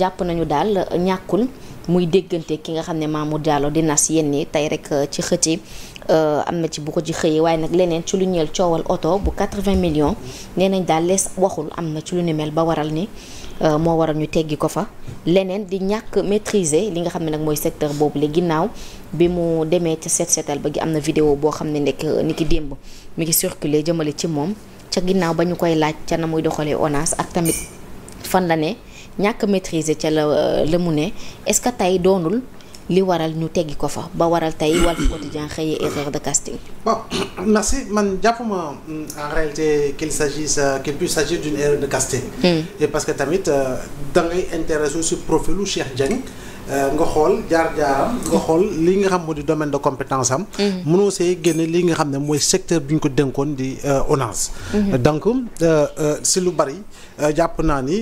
jàpp nañu daal ñàkkul muy déggante ki nga xam ne Mamour Diallo di nas yenn yi tey rek euh, ci xëti euh, am na ci bu ko ci xëyee waaye nag leneen ci lu ñeel coowal oto bu 80 millions nee nañ daal lees waxul am na ci lu ni mel ba waral ni euh, moo waral ñu teggi ko fa leneen di ñàkk maîtriser li nga xam ne nag mooy secteur boobu le ginnaaw bi mu demee ca seet seetal ba gi am na vidéo boo xam ne nekk ni ki démb mi ngi circuler jëmale ci moom ca ginnaaw ba ñu koy laaj ca na muy doxalee ONAS ak tamit fan la ne ñàkk maîtriser ca la euh, la mu ne est-ce que tey doonul li waral ñu teggi ko fa ba waral tey Walf Quotidien xëyee erreur de casting. bon merci man jàppuma mm, en réalité qu'il s'agisse euh, qu'il puisse s'agir d'une erreur de casting. Hmm. et parce que tamit euh, da ngay intéressé sur profilu Cheikh Dieng. Euh, nga xool jaar-jaaram nga xool li nga xam moo di domaine de compétence am mm-hmm. mënoo see génne li nga xam ne mooy secteur bi ñu ko dénkoon di euh, ONAS mm-hmm. donc euh, si lu bari jàpp naa ni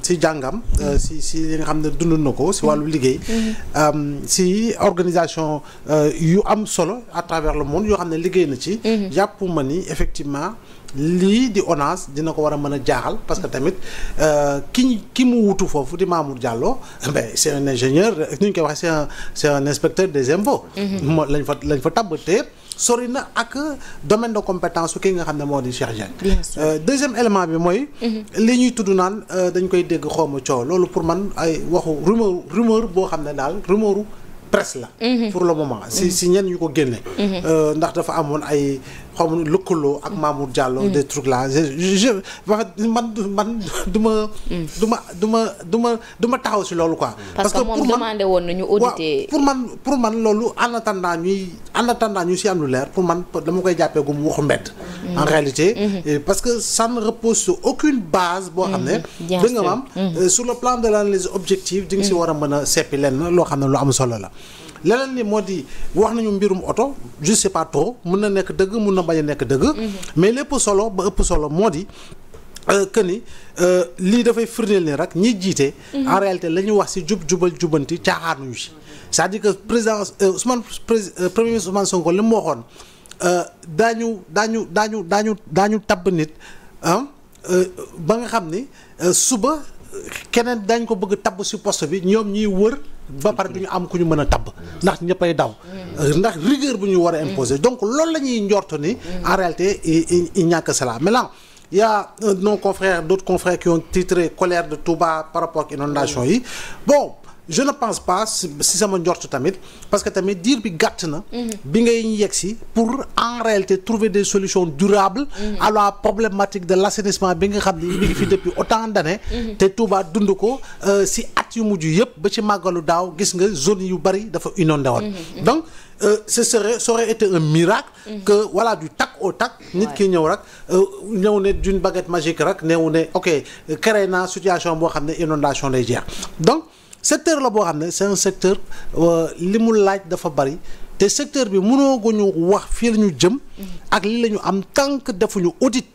si jàngam mm-hmm. si si li nga xam ne dund na ko si wàllu liggéey si organisation yu am solo à travers le monde yoo xam ne liggéey na ci jàpp ma ni effectivement lii di ONAS dina ko war a mën a jaaxal parce que tamit euh, ki ki mu wutu foofu di Mamour jàlloo ben c'est un ingénieur nu koy waxee see un c'est un inspecteur des impôts mhm. moo lañ fa lañ fa tabb te sori na ak domaine de compétence su ki nga xam ne moo di Cheikh Dieng euh, deuxième élément bi mooy mhm. li ñuy tudd naan euh, dañ koy dégg xawma coow loolu pour man ay waxu rumeur rumeur boo xam ne daal rumeuru presse la mhm. pour le moment si si ñenn ñu ko génne ndax dafa amoon ay xaw ma lëkkaloo ak Mamour Diallo. Mm. des trucs là je je man man du ma. Mm. du ma du ma du ma du ma taxaw si loolu quoi. parce que moom demandé woon nañu auditer pour man pour man loolu en attendant ñuy en attendant ñu si am lu leer pour man dama koy jàppee gu mu waxu mbedd. Mm. en réalité. Mm-hmm. Mm-hmm. parce que ça ne repose sur aucune base. boo xam ne mm-hmm. da nga am euh, sur le plan de l'analyse objective di nga si war a mën a seppi lenn loo xam ne lu am solo la. leneen li moo di wax nañu mbirum oto je sais pas mun na nekk dëgg mun na bañ a nekk dëgg. Mhm. mais lépp solo ba ëpp solo moo di. Euh, que ni euh, lii dafay firndeel ni rek ñi jiite. Mhm. en réalité la ñuy wax ci jub jubal jubanti caaxaanuñu ci. cest à que président euh, Ousmane premier ministre Ousmane Sonko li waxoon daañu daañu daañu daañu daañu tabb nit ba nga xam ni suba keneen daañ ko bëgg tabb ci post bi ñoom ñiy wër. ba pare du ñu am ku ñu mën a tabb ndax ñëppay daw ndax rigueur bu ñu war a imposer donc loolu la ñuy njort ni en réalité il n'y a que cela maintenant il y a euh, nos confrères d'autres confrères qui ont titré colère de Touba par rapport ak inondation yi bon je ne pense pas si sama njort tamit parce que tamit diir bi gàtt na. Mhm. bi ngay yegg si pour en réalité trouver des solutions durables. Mhm. à la problématique de l' assainissement bi nga xam ne mi ngi fi depuis autant d' années. Mhm. te Touba dund ko euh, si at yu mujj yëpp ba ci màggalu daaw gis nga zone yu bari dafa inondé woon. donc euh, ce serait ça aurait été un miracle. que voilà du tac au tac. nit ki ñëw rek euh, ñëw ne d'une baguette magique rek néew ne ok créé naa situation boo xam ne inondation lay jeex secteur la boo xam ne c'est secteur euh, li mu laaj dafa bari te secteur bi mënoo ko ñu wax fii la ñu jëm. ak li la ñu am tànk defuñu audit.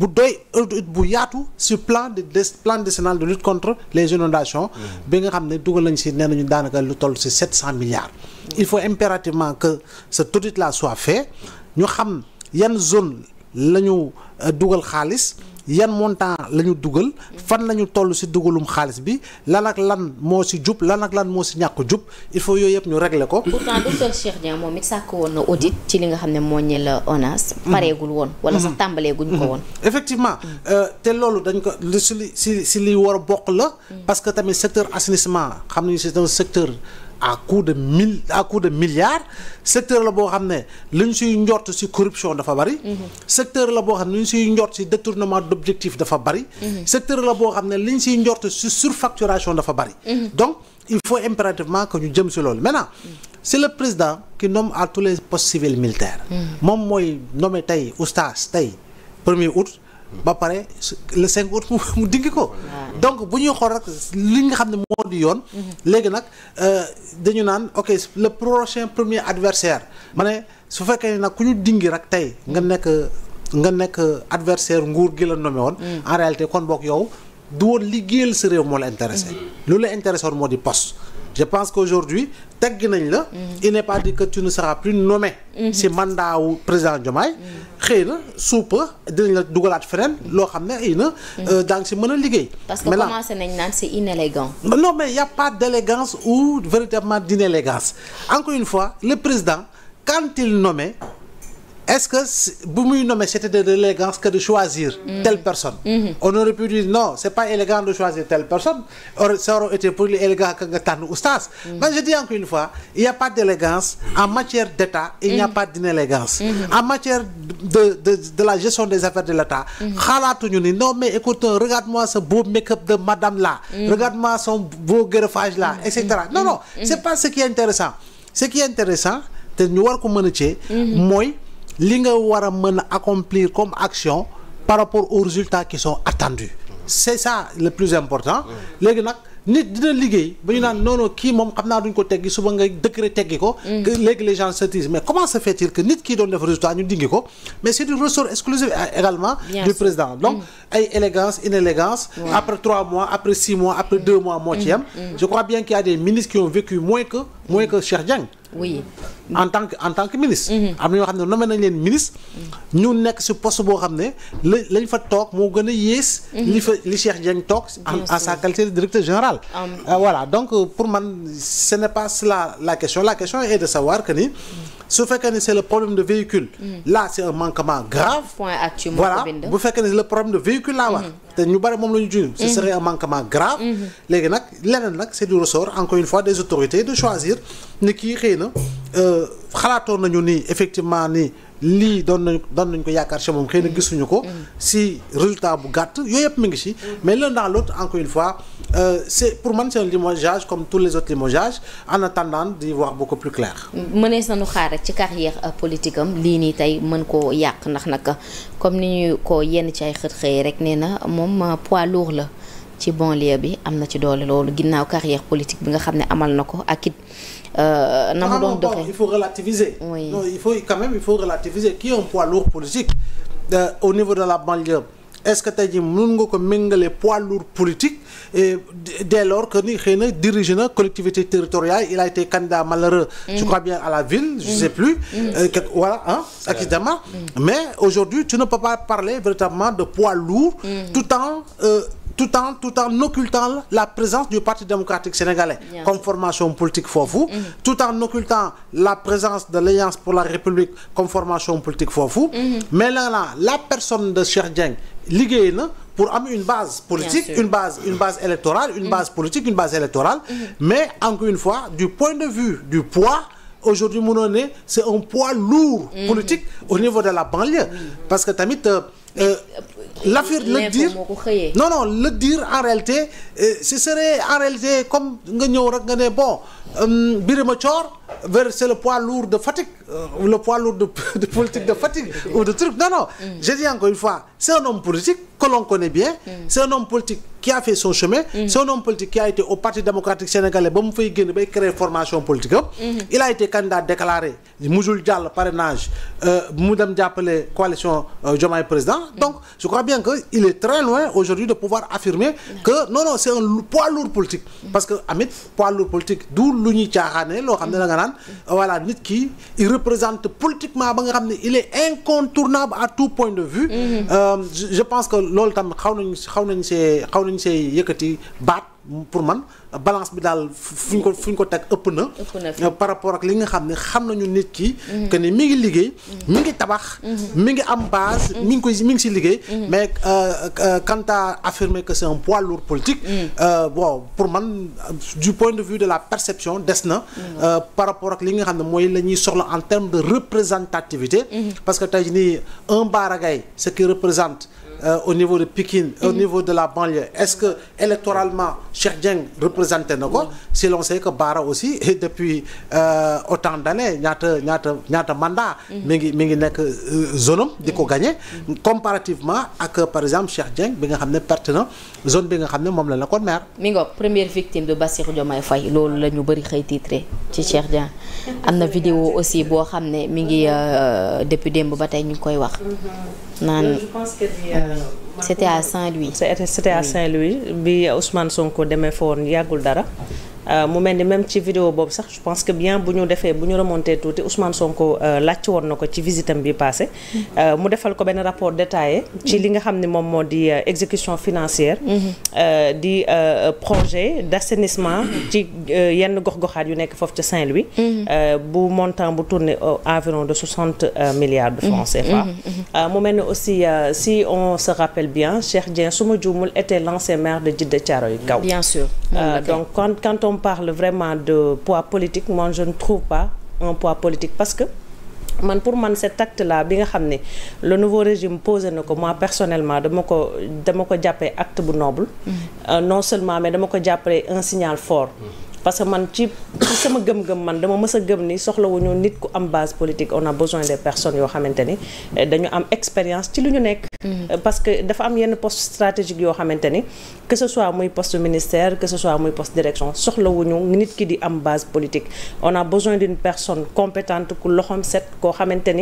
bu doy audit bu yaatu sur plan de plan décennal de lutte contre les inondations. bi nga xam ne dugal nañ si nee nañu daanaka lu toll si 700 milliards. il faut impérativement que cet audit la soit fait ñu xam yan zone la ñu euh, dugal xaalis. yan montant la ñu dugal fan la ñu toll si dugalum xaalis bi lan ak lan moo si jub lan ak lan moo si ñàkk jub il faut yooyu yëpp ñu régler ko. pourtant docteur Cheikh Dieng moom woon na audit ci li nga xam ne moo ñu la ONAS. pareegul woon wala sax tàmbaleeguñ woon. Mm-hmm. effectivement euh, te loolu dañ ko si si si li war a bokk la. Mm. parce que tamit secteur assainissement xam nañu c'est un secteur. à coup de mille à coup de milliards mhm. mhm. secteur la boo xam ne li ñu siy njort si corruption dafa bari. secteur la boo xam ne li ñu siy njort si détournement d'objectif dafa bari. secteur la boo xam ne li ñu siy surfacturation dafa bari. Mhm. donc il faut impérativement que ñu jëm si loolu maintenant c'est le président ki nomme à tous les postes civils militaires. moom mooy nommé tey oustaz tey premier août. ba pare le 5 août mu digg ko. donc bu ñuy xool rek li nga xam ne moo di yoon. Mhm. léegi nag euh, dañu naan ok le prochain premier adversaire ma ne su fekkee nag ku ñu dingi rek tey nga nekk nga nekk adversaire nguur gi la nommé woon. Mm. en réalité kon boog yow du woon liggéeyal sa réew moo la intéressé. Mm-hmm. lu la intéressé woon moo di post je pense qu'aujourd'hui tegg nañ la mhm. il n'est pas dit que tu ne seras plus nommé mhm. si mandat président Diomaye mhm. xëy na suupa dinañ la dugalaat feneen loo xam ne xëy na euh, daa ngi si mën a liggéey parce que commencé nañ naan c'est inélégant non mais y a pas d'élégance ou véritablement d'inélégance encore une fois le président quand il nomme est-ce que bu muy nommer c'était de l'élégance que de choisir mmh. telle personne mmh. on aurait pu dire non c'est pas élégant de choisir telle personne aurait été pour lui élégant que nga tànn oustaz mm. mais je dis une fois il n'y a pas d'élégance en matière d'État il n'y a mm. pas d'inélégance mm-hmm. en matière de, de de la gestion des affaires de l'État mm-hmm. xalaatuñu ni non mais écoute regarde-moi ce beau make-up de madame là mm-hmm. regarde-moi son beau greffage là etc non non c'est mën li nga war a mën a accomplir comme action par rapport aux résultats qui sont attendus c'est ça le plus important mm. léegi nag nit dina liggéey ba ñu naan noonu kii moom xam naa duñ ko teggi suba nga décret teggi ko mm. léegi les gens se disent mais comment se fait-il que nit kii doon def résultat ñu dingi ko mais c'est du ressort exclusif euh, également Bien du président donc mm. ay mm. élégance inélégance après trois mois après six mois après deux mois moo ci yem je crois bien qu'il y a que oui en tant que en tant que ministre. Mhm. am na ñoo xam ne nommé nañ leen ministre. Mhm. ñu nekk si poste boo xam ne la lañ fa toog moo gën a yées. Mhm. li fa li Cheikh Dieng toog. en sa qualité de directeur général. Euh, voilà donc pour man ce n'est pas la question la question est de savoir que ni. su fekkee ne c'est le problème de véhicule. là c'est un manquement grave. point voilà bu fekkee ne le problème de véhicule laa wax. te ñu bare moom la ñu junj. ce mhm. serait un manquement grave. Mhm. léegi nag leneen nag c'est du ressort encore une fois des autorités de choisir ni kii xëy na euh, xalaatoon nañu ni effectivement ni. lii doon nañ doon nañ ko yaakaar si moom xëy na gisuñu ko mm-hmm. si résultat bu gàtt yooyu yëpp mu ngi si mm-hmm. mais l'un dans l'autre encore une fois euh, c'est pour man c'est un limogeage comme tous les autres limogeages en attendant d'y voir beaucoup plus clair mënees nañu xaar rek ci carrière euh, politique am lii nii tey mën koo yàq ndax nag comme ni ñu ko yenn ci ay xët xëy rek nee na moom euh, poids lourd la ci banlieue bi am na ci doole loolu ginnaaw carrière politique bi nga xam ne amal na ko ak it. Euh, na mu doon doxee il faut relativiser. oui non il faut quand même qui est un poids lourd politique. Euh, au niveau de la banlieue est-ce que tey jii mën nga ko méngale poids lourd politique et dès lors que ni xëy na dirige na collectivité territoriale il a été candidat malheureux. Mmh. je bien à la ville. je mmh. sais plus. Mmh. Euh, quelque, voilà hein mm. mais aujourd'hui tu ne peux pas parler véritablement de poids lourd. Mm. tout en tout en occultant la présence du Parti démocratique sénégalais Bien. comme formation politique foofu mmh. tout en occultant la présence de l'Alliance pour la République comme formation politique foofu mmh. mais là là la personne de Cheikh Dieng liggéey na pour am une base politique une base une base électorale une mmh. base politique une base électorale mhm. mais encore une fois du point de vue du poids aujourd'hui mënoo ne c'est un poids lourd mhm. politique au niveau de la banlieue parce que tamit euh, l'affaire le dire non non le dire en réalité euh, ce serait en réalité comme nga ñëw rek nga ne bon euh, Birima Thior vers c'est le poids lourd de Fatick euh, le poids lourd de, de politique de Fatick ou de truc non non mm. je dis encore une fois c'est un homme politique que l'on bien mm. c'est un homme politique qui a fait son chemin. Mm -hmm. c'est un homme a été au parti démocratique sénégalais ba mu fay génn bay créer formation politique am. Mhm. il a été candidat déclaré musul jàll parrainage euh, mu dem jàppale coalition euh, Diomaye président. Mhm. donc je crois bien que il est très loin aujourd'hui de pouvoir affirmer que non c'est un poids lourd politique. Mhm. parce que amit poids lourd politique du lu ñuy caaxaane loo xam ne da nga naan euh, voilà nit ki il représente politiquement ba nga xam ne il est incontournable à tout point de vue. Euh, je, je pense que waruñ see yëkkati baat pour man balance bi daal fu ñu ko fu ñu ko teg ëpp na. par rapport ak li nga xam ne xam nañu nit ki. Mm-hmm. que ni mi ngi liggéey. Mm-hmm. mi ngi tabax. Mm-hmm. mi ngi am base. mi ngi koy mi ngi si liggéey. mais euh, euh, quant à affirmer que c'est un poids lourd politique. Mm. Euh, pour man du point de vue de la perception des na. par rapport ak li nga xam ne mooy la ñuy soxla en termes de représentativité. parce que tey nii un baragay ce qui représente. Euh, au niveau de Pikine au mhm. niveau de la banlieue est-ce que électoralement Cheikh Dieng représenté na ko si l'on sait que Bara aussi depuis euh, autant d'années ñaata ñaata ñaata mandat mhm. mi ngi mi ngi nekk euh, zone di ko mhm. gagné comparativement ak par exemple Cheikh Dieng bi nga xam ne perte na zone bi nga xam ne moom la ko maire mi ngi première victime de Bassirou Diomaye Faye loolu la ñu bëri xëy titré ci Cheikh Dieng am na vidéo aussi boo xam ne mi ngi depuis démb ba tey ñu ngi koy wax naan euh, euh, c'était à Saint-Louis. c'était à Saint-Louis bi Ousmane Sonko demee foon yàggul dara. Euh, mu mel ni même ci vidéo boobu sax je pense que bien bu ñu defee bu ñu remonté tuuti Ousmane Sonko euh, laajte woon na ko ci visitam bi passé euh, mu defal ko benn rapport détaillé ci li nga xam ne moom moo di exécution financière mm-hmm. di projet d'assainissement ci yenn gox-goxaat yu nekk foofu ci Saint-Louis mm-hmm. bu montant bu tourné environ de 60 milliards de mm-hmm. francs CFA mu mel ni aussi si on se rappelle bien Cheikh Dieng su ma juumul était l'ancien maire de Djiddah Thiaroye Kao bien sûr donc on parle vraiment de poids politique moi je ne trouve pas un poids politique parce que man pour man cet acte là bi nga xam ne le nouveau régime posé na ko moi personnellement dama ko jàppee acte bu noble euh, non seulement mais dama ko jàppale un signal fort parce que man ci sama gëm-gëm man dama mës a gëm ni soxlawuñu nit ku am base politique on a besoin des personnes yoo xamante ni eh, dañu am expérience ci lu ñu nekk Euh, parce que dafa am yenn poste stratégique yoo xamante ni que ce soit muy poste ministère que ce soit muy poste direction soxlawuñu nit ki di am base politique on a besoin d'une personne compétente ku loxoom set koo xamante ni